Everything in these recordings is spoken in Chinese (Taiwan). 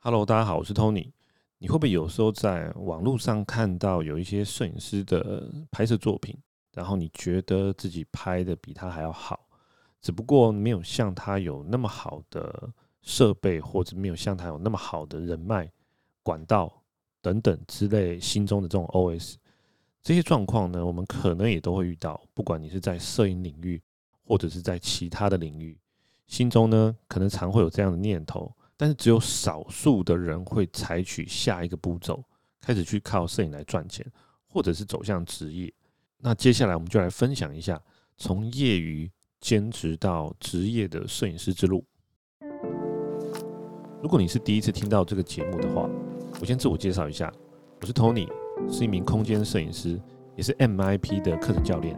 Hello，大家好，我是 Tony。你會不會有時候在網絡上看到有一些攝影師的拍攝作品，然後你覺得自己拍的比他還要好，只不過沒有像他有那麼好的設備，或者沒有像他有那麼好的人脈、管道等等之類，心中的這種 OS，這些狀況呢，我們可能也都會遇到。不管你是在攝影領域，或者是在其他的領域，心中呢，可能常會有這樣的念頭。但是只有少數的人會採取下一個步驟，開始去靠攝影來賺錢，或者是走向職業。那接下來我們就來分享一下從業餘兼職到職業的攝影師之路。如果你是第一次聽到這個節目的話，我先自我介紹一下，我是 Tony，是一名空間攝影師，也是 MIP 的課程教練。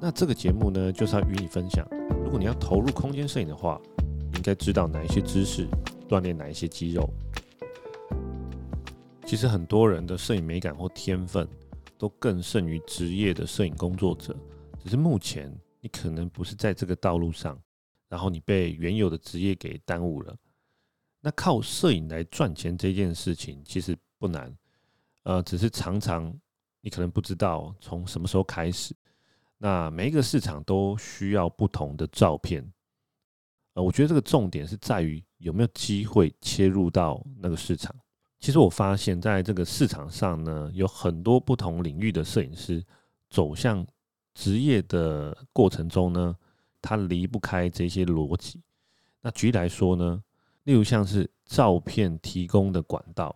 那這個節目呢，就是要與你分享，如果你要投入空間攝影的話，你應該知道哪一些知識。鍛煉哪一些肌肉？其實很多人的攝影美感或天分都更勝於職業的攝影工作者，只是目前你可能不是在這個道路上，然後你被原有的職業給耽誤了。那靠攝影來賺錢這件事情其實不難，呃，只是常常你可能不知道從什麼時候開始。那每一個市場都需要不同的照片，呃，我覺得這個重點是在於。有沒有機會切入到那個市場？其實我發現，在這個市場上呢，有很多不同領域的攝影師走向職業的過程中呢，他離不開這些邏輯。那舉例來說呢，例如像是照片提供的管道，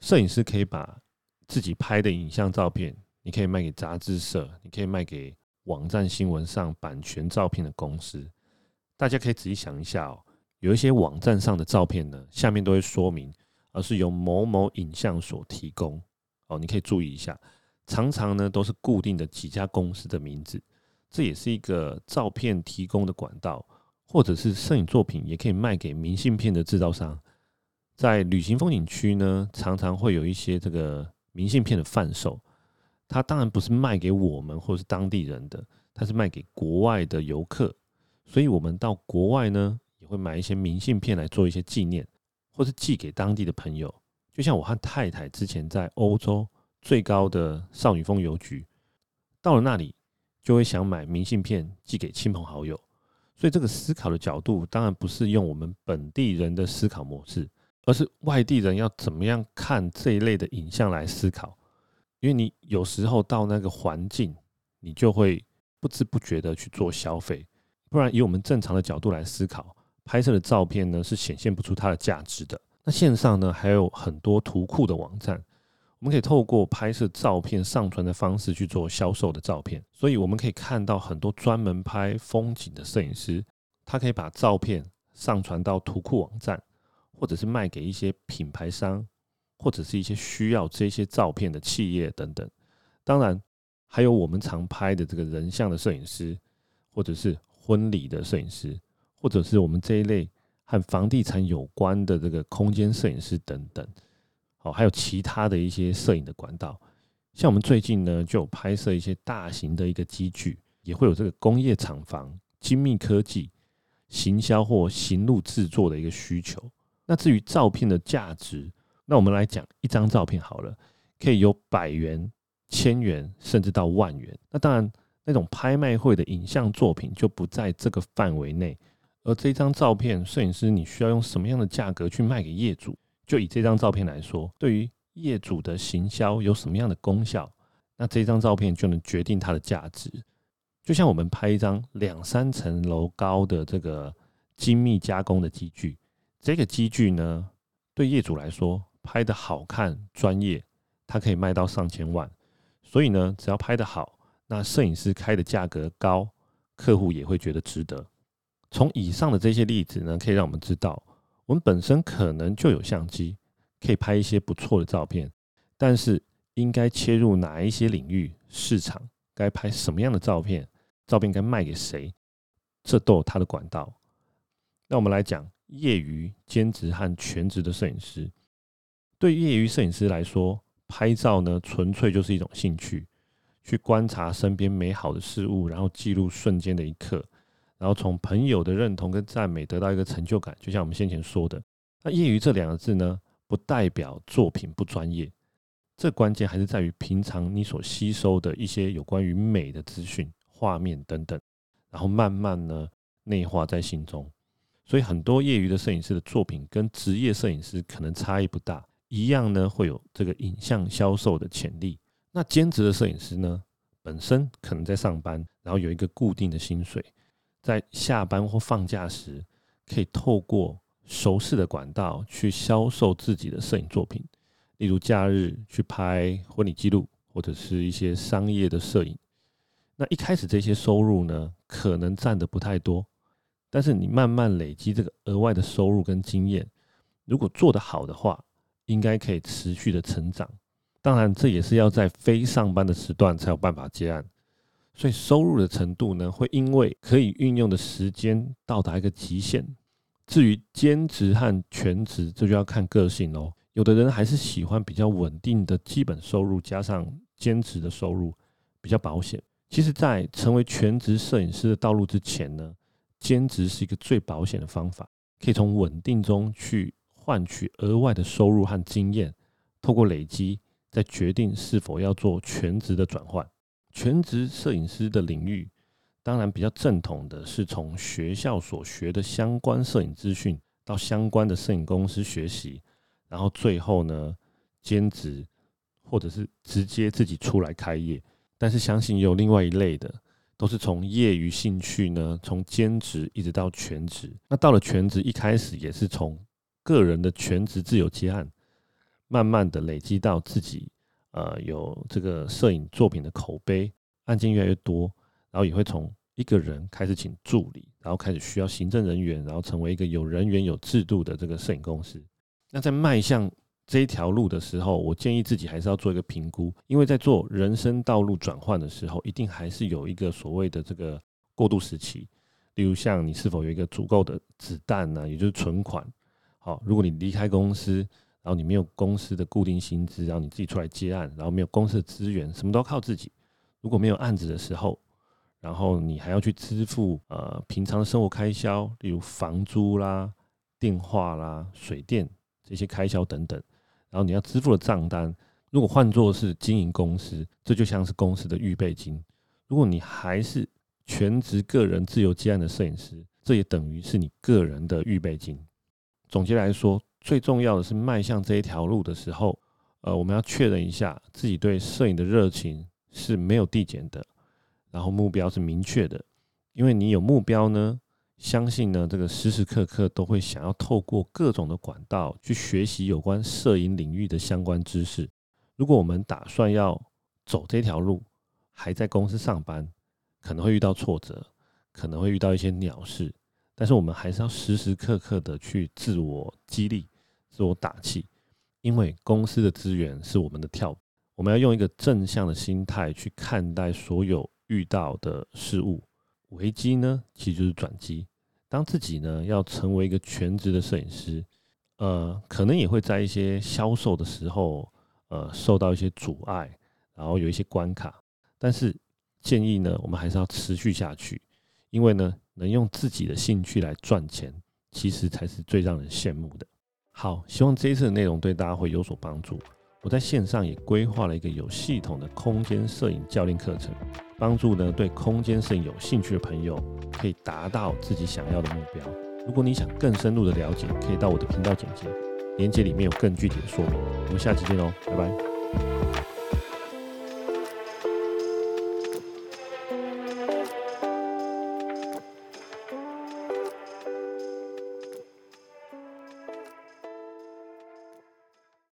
攝影師可以把自己拍的影像照片，你可以賣給雜誌社，你可以賣給網站新聞上版權照片的公司。大家可以仔細想一下哦。有一些網站上的照片呢，下面都會說明，而是由某某影像所提供。哦，你可以注意一下，常常呢都是固定的幾家公司的名字，這也是一個照片提供的管道，或者是攝影作品也可以賣給明信片的製造商。在旅行風景區呢，常常會有一些這個明信片的販售，它當然不是賣給我們或是當地人的，它是賣給國外的遊客，所以我們到國外呢。會買一些明信片來做一些紀念，或是寄給當地的朋友。就像我和太太之前在歐洲最高的少女峰郵局，到了那裡就會想買明信片寄給親朋好友。所以這個思考的角度當然不是用我們本地人的思考模式，而是外地人要怎麼樣看這一類的影像來思考。因為你有時候到那個環境，你就會不知不覺的去做消費，不然以我們正常的角度來思考，拍攝的照片呢，是顯現不出它的價值的。那線上呢，還有很多圖庫的網站，我們可以透過拍攝照片上傳的方式去做銷售的照片。所以我們可以看到很多專門拍風景的攝影師，他可以把照片上傳到圖庫網站，或者是賣給一些品牌商，或者是一些需要這些照片的企業等等。當然，還有我們常拍的這個人像的攝影師，或者是婚禮的攝影師。或者是我們這一類和房地產有關的這個空間攝影師等等，哦，還有其他的一些攝影的管道。像我們最近呢，就有拍攝一些大型的一個機具，也會有這個工業廠房、精密科技、行銷或型錄製作的一個需求。那至於照片的價值，那我們來講一張照片好了，可以有百元、千元，甚至到萬元。那當然，那種拍賣會的影像作品就不在這個範圍內。而這張照片，攝影師你需要用什麼樣的價格去賣給業主？就以這張照片來說，對於業主的行銷有什麼樣的功效？那這張照片就能決定它的價值。就像我們拍一張兩三層樓高的這個精密加工的機具，這個機具呢，對業主來說拍得好看、專業，它可以賣到上千萬。所以呢，只要拍得好，那攝影師開的價格高，客戶也會覺得值得。從以上的這些例子呢，可以讓我們知道，我們本身可能就有相機，可以拍一些不錯的照片，但是應該切入哪一些領域市場，該拍什麼樣的照片，照片該賣給誰，這都有它的管道。那我們來講，業餘、兼職和全職的攝影師，對業餘攝影師來說，拍照呢，純粹就是一種興趣，去觀察身邊美好的事物，然後記錄瞬間的一刻。然後從朋友的認同跟讚美得到一個成就感，就像我們先前說的，那業餘這兩個字呢，不代表作品不專業。這關鍵還是在於平常你所吸收的一些有關於美的資訊、畫面等等，然後慢慢呢內化在心中。所以很多業餘的攝影師的作品跟職業攝影師可能差異不大，一樣呢會有這個影像銷售的潛力。那兼職的攝影師呢，本身可能在上班，然後有一個固定的薪水。在下班或放假時，可以透過熟悉的管道去銷售自己的攝影作品，例如假日去拍婚禮記錄，或者是一些商業的攝影。那一開始這些收入呢，可能占的不太多，但是你慢慢累積這個額外的收入跟經驗，如果做得好的話，應該可以持續的成長。當然，這也是要在非上班的時段才有辦法接案。所以收入的程度呢，會因為可以運用的時間到達一個極限。至於兼職和全職，這就要看個性咯。有的人還是喜歡比較穩定的基本收入，加上兼職的收入，比較保險。其實，在成為全職攝影師的道路之前呢，兼職是一個最保險的方法，可以從穩定中去換取額外的收入和經驗，透過累積，再決定是否要做全職的轉換。全職攝影師的領域，當然比較正統的是從學校所學的相關攝影資訊，到相關的攝影公司學習，然後最後呢，兼職或者是直接自己出來開業。但是相信有另外一類的，都是從業餘興趣呢，從兼職一直到全職。那到了全職，一開始也是從個人的全職自由接案，慢慢的累積到自己。呃，有這個攝影作品的口碑，案件越來越多，然後也會從一個人開始請助理，然後開始需要行政人員，然後成為一個有人員、有制度的這個攝影公司。那在邁向這一條路的時候，我建議自己還是要做一個評估，因為在做人生道路轉換的時候，一定還是有一個所謂的這個過渡時期。例如，像你是否有一個足夠的子彈呢、啊？也就是存款。好，如果你離開公司。然後你沒有公司的固定薪資，然後你自己出來接案，然後沒有公司的資源，什麼都靠自己。如果沒有案子的時候，然後你還要去支付呃平常的生活開銷，例如房租啦、電話啦、水電這些開銷等等。然後你要支付的賬單，如果換作是經營公司，這就像是公司的預備金。如果你還是全職個人自由接案的攝影師，這也等於是你個人的預備金。總結來說。最重要的是邁向這一條路的時候，呃，我們要確認一下自己對攝影的熱情是沒有遞減的，然後目標是明確的，因為你有目標呢，相信呢，這個時時刻刻都會想要透過各種的管道去學習有關攝影領域的相關知識。如果我們打算要走這條路，還在公司上班，可能會遇到挫折，可能會遇到一些鳥事，但是我們還是要時時刻刻的去自我激勵。自我打氣，因為公司的資源是我們的跳板。我們要用一個正向的心態去看待所有遇到的事物。危機呢，其實就是轉機。當自己呢，要成為一個全職的攝影師，呃，可能也會在一些銷售的時候，呃，受到一些阻礙，然後有一些關卡。但是建議呢，我們還是要持續下去，因為呢，能用自己的興趣來賺錢，其實才是最讓人羨慕的。好，希望這一次的內容對大家會有所幫助。我在線上也規劃了一個有系統的空間攝影教練課程，幫助呢對空間攝影有興趣的朋友可以達到自己想要的目標。如果你想更深入的了解，可以到我的頻道簡介鏈接裡面有更具體的說明。我們下期見嘍，拜拜。